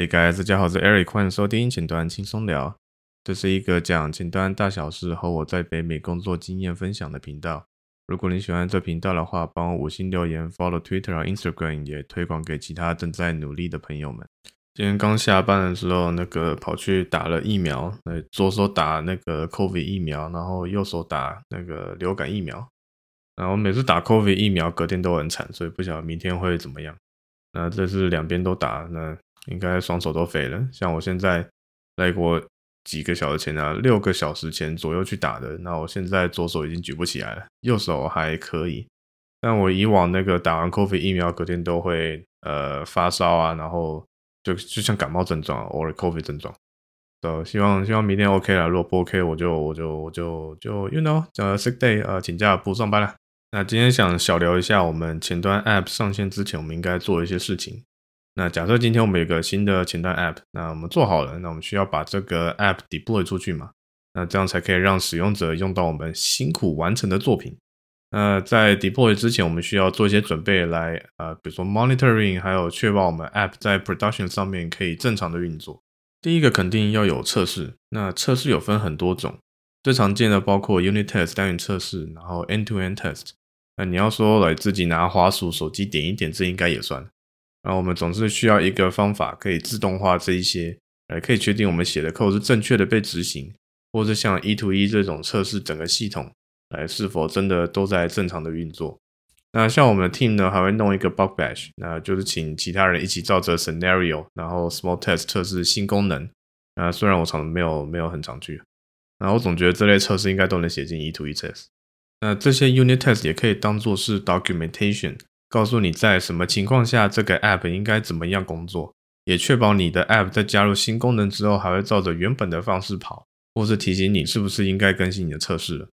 Hey guys，大家好，我是 Eric，歡迎收聽前端輕鬆聊。這是一個講前端大小事和我在北美工作經驗分享的頻道。如果你喜歡這頻道的話，幫我五星留言，follow Twitter 和 Instagram，也推廣給其他正在努力的朋友們。今天剛下班的時候，那個跑去打了疫苗，呃，左手打那個 COVID 疫苗，然後右手打那個流感疫苗。然後每次打 COVID 疫苗，隔天都很慘，所以不曉得明天會怎麼樣。那這是兩邊都打，那。應該雙手都廢了。像我現在，來過幾個小時前啊，六個小時前左右去打的。那我現在左手已經舉不起來了，右手還可以。但我以往那個打完 COVID 疫苗隔天都會呃發燒啊，然後就就像感冒症狀 or COVID 症狀。呃 so，希望希望明天 OK 了，如果不 OK 我就我就我就就 you know，呃 sick day，呃請假不上班了。那今天想小聊一下，我們前端 App 上線之前我們應該做一些事情。那假設今天我們有一個新的前端 App，那我們做好了，那我們需要把這個 App deploy 出去嘛，那這樣才可以讓使用者用到我們辛苦完成的作品。那在 deploy 之前，我們需要做一些準備來，呃，比如說 monitoring，還有確保我們 App 在 production 上面可以正常的運作。第一個肯定要有測試，那測試有分很多種，最常見的包括 unit test 單元測試，然後 end to end test。那你要說來自己拿滑鼠手機點一點，這應該也算。然後我們總是需要一個方法可以自動化這一些，來可以確定我們寫的 code 是正確的被執行，或是像 e-to-e 這種測試整個系統來是否真的都在正常的運作。那像我們的 team 呢，還會弄一個 bug bash，那就是請其他人一起照着 scenario，然後 small test 測試新功能。啊，雖然我常沒有沒有很長句，然後總覺得這類測試應該都能寫進 e-to-e test。那這些 unit test 也可以當做是 documentation。告訴你在什麼情況下這個 app 應該怎麼樣工作，也確保你的 app 在加入新功能之後還會照着原本的方式跑，或是提醒你是不是應該更新你的測試了。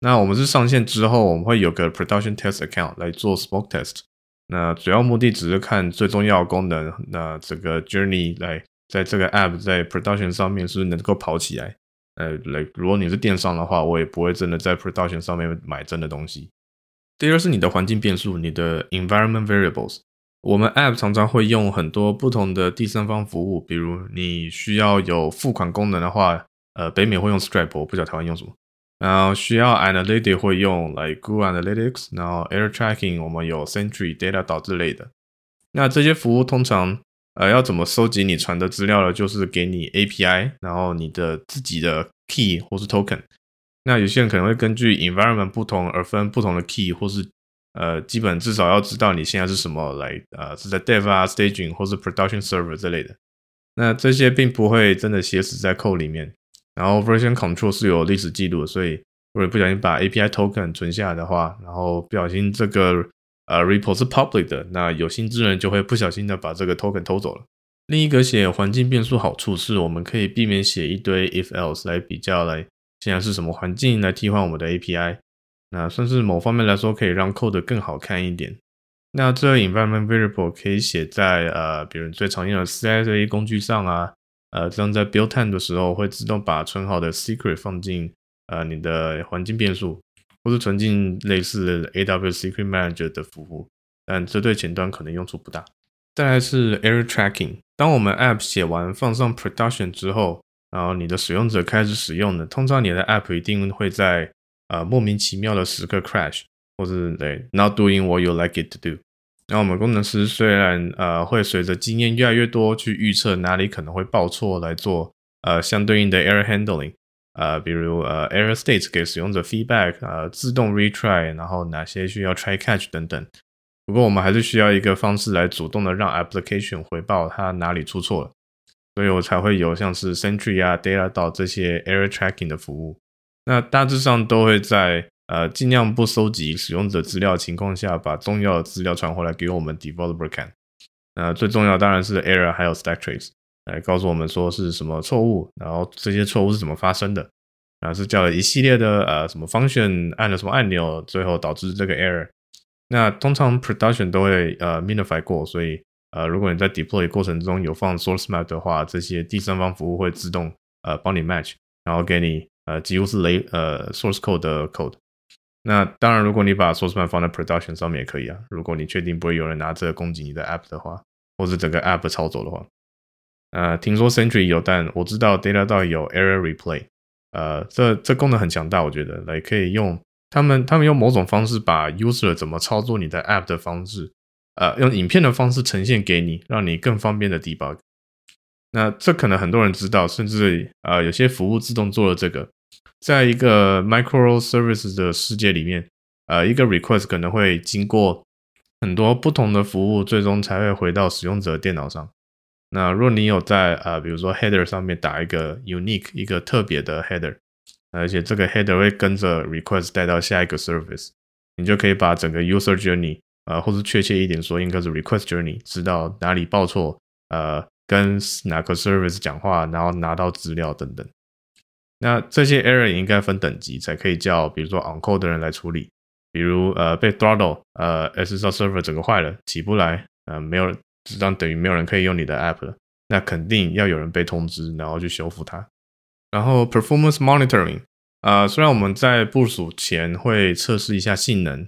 那我們是上線之後，我們會有個 production test account 來做 smoke test。那主要目的只是看最重要功能，那這個 journey 來在這個 app 在 production 上面是不是能夠跑起來。呃，來，如果你是電商的話，我也不會真的在 production 上面買真的東西。第二是你的環境變數，你的 environment variables。我們 app 常常會用很多不同的第三方服務，比如你需要有付款功能的話，呃，北美會用 Stripe，我不曉得台灣用什麼。然後需要 analytics 會用 like Google Analytics，然後 error tracking 我們有 Sentry Datadog 之類的。那這些服務通常，呃，要怎麼收集你傳的資料呢？就是給你 API，然後你的自己的 key 或是 token。那有些人可能會根據 environment 不同而分不同的 key，或是呃，基本至少要知道你現在是什麼來呃是在 dev 啊 staging 或是 production server 之類的。那這些並不會真的寫死在 code 裡面，然後 version control 是有歷史記錄的，所以如果不小心把 API token 存下來的話，然後不小心這個呃 repo 是 public 的，那有心之人就會不小心的把這個 token 偷走了。另一個寫環境變數好處是，我們可以避免寫一堆 if else 來比較來。現在是什麼環境來替換我們的 API？那算是某方面來說，可以讓 code 更好看一點。那這個 environment variable 可以寫在呃，比如最常用的 CI 工具上啊。呃，這樣在 build time 的時候會自動把存好的 secret 放進呃你的環境變數，或是存進類似 AWS Secret Manager 的服務。但這對前端可能用處不大。再來是 error tracking。當我們 app 寫完放上 production 之後，然後你的使用者開始使用呢，通常你的 App 一定會在呃莫名其妙的時刻 crash，或者是對 not doing what you like it to do。那我們工程師雖然呃會隨着經驗越來越多去預測哪裡可能會報錯來做呃相對應的 error handling，呃比如呃 error states 給使用者 feedback，呃自動 retry，然後哪些需要 try catch 等等。不過我們還是需要一個方式來主動的讓 application 回報它哪裡出錯了。所以我才會有像是 Sentry 啊、DataDog 這些 Error Tracking 的服務。那大致上都會在呃盡量不收集使用者資料情況下，把重要的資料傳回來給我們 Developer 看。那最重要當然是 Error 還有 Stack Trace 來告訴我們說是什麼錯誤，然後這些錯誤是怎麼發生的，啊是叫一系列的呃什麼 Function 按了什麼按鈕，最後導致這個 Error。那通常 Production 都會呃 Minify 過，所以。呃，如果你在 deploy 過程中有放 source map 的話，這些第三方服務會自動呃幫你 match，然後給你呃幾乎是雷呃 source code 的 code。那當然，如果你把 source map 放在 production 上面也可以啊。如果你確定不會有人拿這個攻擊你的 app 的話，或是整個 app 抄走的話，呃，聽說 Sentry 有，但我知道 DataDog 有 error replay。呃，這這功能很強大，我覺得來可以用。他們他們用某種方式把 user 怎麼操作你的 app 的方式。呃，用影片的方式呈現給你，讓你更方便的 debug。那這可能很多人知道，甚至呃，有些服務自動做了這個。在一個 microservice 的世界裡面，呃，一個 request 可能會經過很多不同的服務，最終才會回到使用者的電腦上。那若你有在呃，比如說 header 上面打一個 unique 一個特別的 header，而且這個 header 會跟着 request 帶到下一個 service，你就可以把整個 user journey。啊、呃，或者確切一點說，應該是 request journey，知道哪裡報錯，呃，跟哪個 service 講話，然後拿到資料等等。那這些 error 也應該分等級，才可以叫，比如說 on-call 的人來處理。比如，呃，被 throttle，呃，SSR server 整個壞了，起不來，呃，沒有，只當等於沒有人可以用你的 app 了，那肯定要有人被通知，然後去修復它。然後 performance monitoring，啊、呃，雖然我們在部署前會測試一下性能。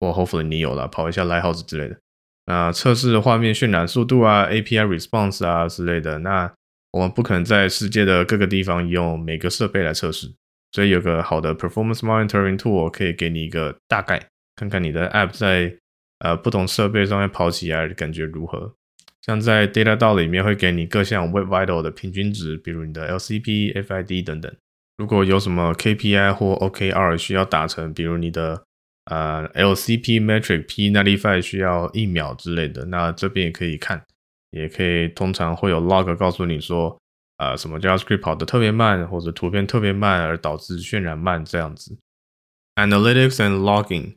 我、well, hopefully 你有了跑一下 LightHouse 之類的，那測試畫面渲染速度啊、API response 啊之類的，那我們不可能在世界的各個地方用每個設備來測試，所以有個好的 performance monitoring tool 可以給你一個大概，看看你的 App 在呃不同設備上面跑起來感覺如何。像在 Data 道裡面會給你各項 Web vital 的平均值，比如你的 LCP、FID 等等。如果有什麼 KPI 或 OKR 需要達成，比如你的。呃、uh，LCP metric P95 需要一秒之類的，那這邊也可以看，也可以通常會有 log 告訴你說，呃、什麼 JavaScript 跑得特別慢，或者圖片特別慢而導致渲染慢這樣子。Analytics and logging，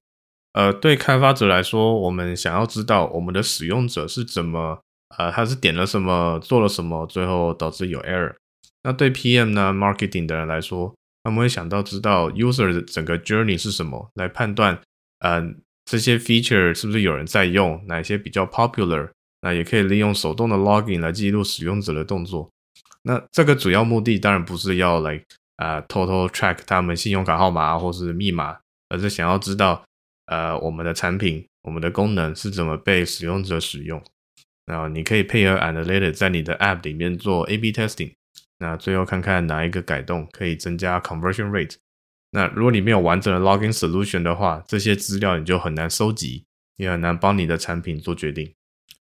呃，對開發者來說，我們想要知道我們的使用者是怎麼，呃，他是點了什麼，做了什麼，最後導致有 error。那對 PM 呢，marketing 的人來說，那我們會想到知道 user 的整個 journey 是什麼，來判斷，呃，這些 feature 是不是有人在用，哪些比較 popular。那也可以利用手動的 logging 來記錄使用者的動作。那這個主要目的當然不是要來，呃，偷偷 track 他們信用卡號碼或是密碼，而是想要知道，呃，我們的產品、我們的功能是怎麼被使用者使用。然後你可以配合 Analytics 在你的 app 裡面做 A/B testing。那最後看看哪一個改動可以增加 conversion rate。那如果你沒有完整的 logging solution 的話，這些資料你就很難收集，也很難幫你的產品做決定。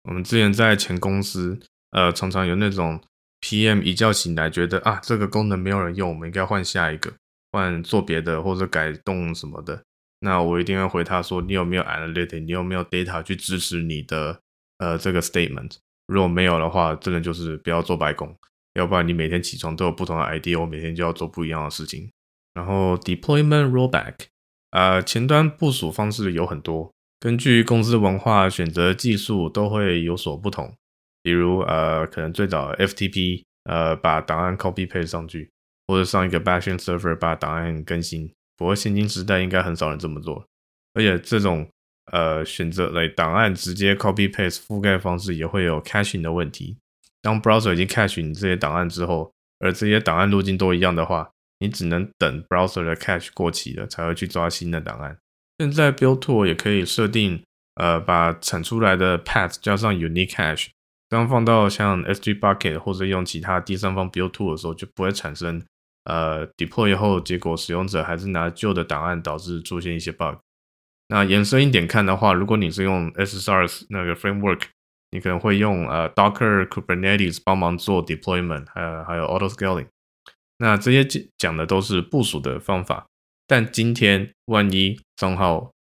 我們之前在前公司，呃，常常有那種 PM 一覺醒來覺得啊，這個功能沒有人用，我們應該換下一個，換做別的或者改動什麼的。那我一定會回他說，你有沒有 analytic？你有沒有 data 去支持你的呃這個 statement？如果沒有的話，真的就是不要做白工。要不然你每天起床都有不同的 idea，我每天就要做不一樣的事情。然後 deployment rollback，呃，前端部署方式有很多，根據公司文化選擇技術都會有所不同。比如呃，可能最早 FTP，呃，把檔案 copy paste 上去，或者上一個 Bashing Server 把檔案更新。不過現今時代應該很少人這麼做，而且這種呃選擇類檔案直接 copy paste 覆蓋方式也會有 caching 的問題。當 browser 已經 cache 你這些檔案之後，而這些檔案路徑都一樣的話，你只能等 browser 的 cache 過期了才會去抓新的檔案。現在 build tool 也可以設定，呃，把產出來的 path 加上 unique cache，當放到像 S3 bucket 或者用其他第三方 build tool 的時候，就不會產生，呃，deploy 以後結果使用者還是拿舊的檔案，導致出現一些 bug。那延伸一點看的話，如果你是用 SSR 那個 framework。你可能會用呃、uh, Docker Kubernetes 幫忙做 deployment，呃，還有，還有 auto scaling。那這些講的都是部署的方法。但今天萬一賬號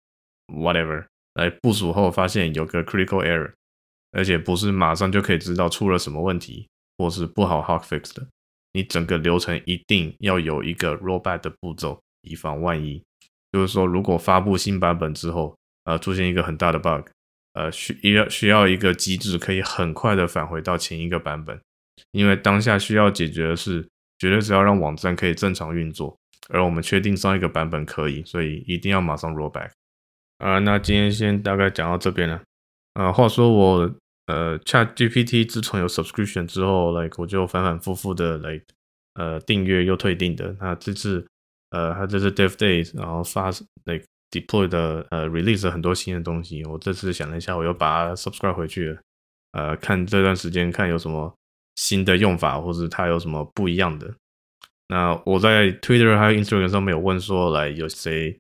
whatever 來部署後，發現有個 critical error，而且不是馬上就可以知道出了什麼問題，或是不好 hotfix 的，你整個流程一定要有一個 rollback 的步驟，以防萬一。就是說，如果發布新版本之後，呃，出現一個很大的 bug。呃，需要需要一個機制可以很快的返回到前一個版本，因為當下需要解決的是絕對只要讓網站可以正常運作，而我們確定上一個版本可以，所以一定要馬上 roll back。啊，那今天先大概講到這邊了。啊、呃，話說我呃，ChatGPT 自從有 subscription 之後，like 我就反反复复的來呃訂閱又退訂的。那、like, 呃、這次呃，它這次 dev day 然後發 like。Deploy 的呃 Release 了很多新的東西，我這次想了一下，我又把它 Subscribe 回去了，呃，看這段時間看有什麼新的用法，或是它有什麼不一樣的。那我在 Twitter 還有 Instagram 上面有問說，來有誰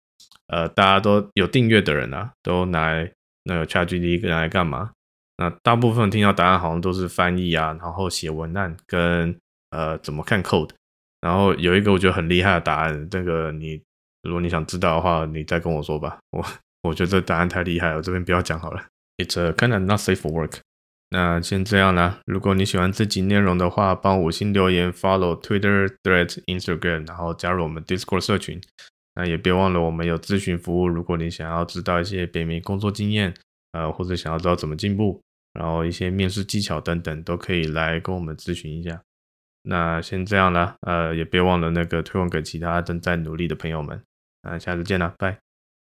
呃，大家都有訂閱的人啊，都拿來那個 ChatGPT 來幹嘛？那大部分聽到答案好像都是翻譯啊，然後寫文案跟呃怎麼看 Code，然後有一個我覺得很厲害的答案，這個你。如果你想知道的話，你再跟我說吧。我我覺得這答案太厲害了，我這邊不要講好了。It's a kind of not safe for work。那先這樣啦，如果你喜歡這集內容的話，幫我五星留言，follow Twitter, Threads, Instagram，然後加入我們 Discord 社群。那也別忘了我們有諮詢服務，如果你想要知道一些北美工作經驗，呃，或者想要知道怎麼進步，然後一些面試技巧等等，都可以來跟我們諮詢一下。那先這樣啦，呃，也別忘了那個推廣給其他正在努力的朋友們。那、啊、下次見了，拜。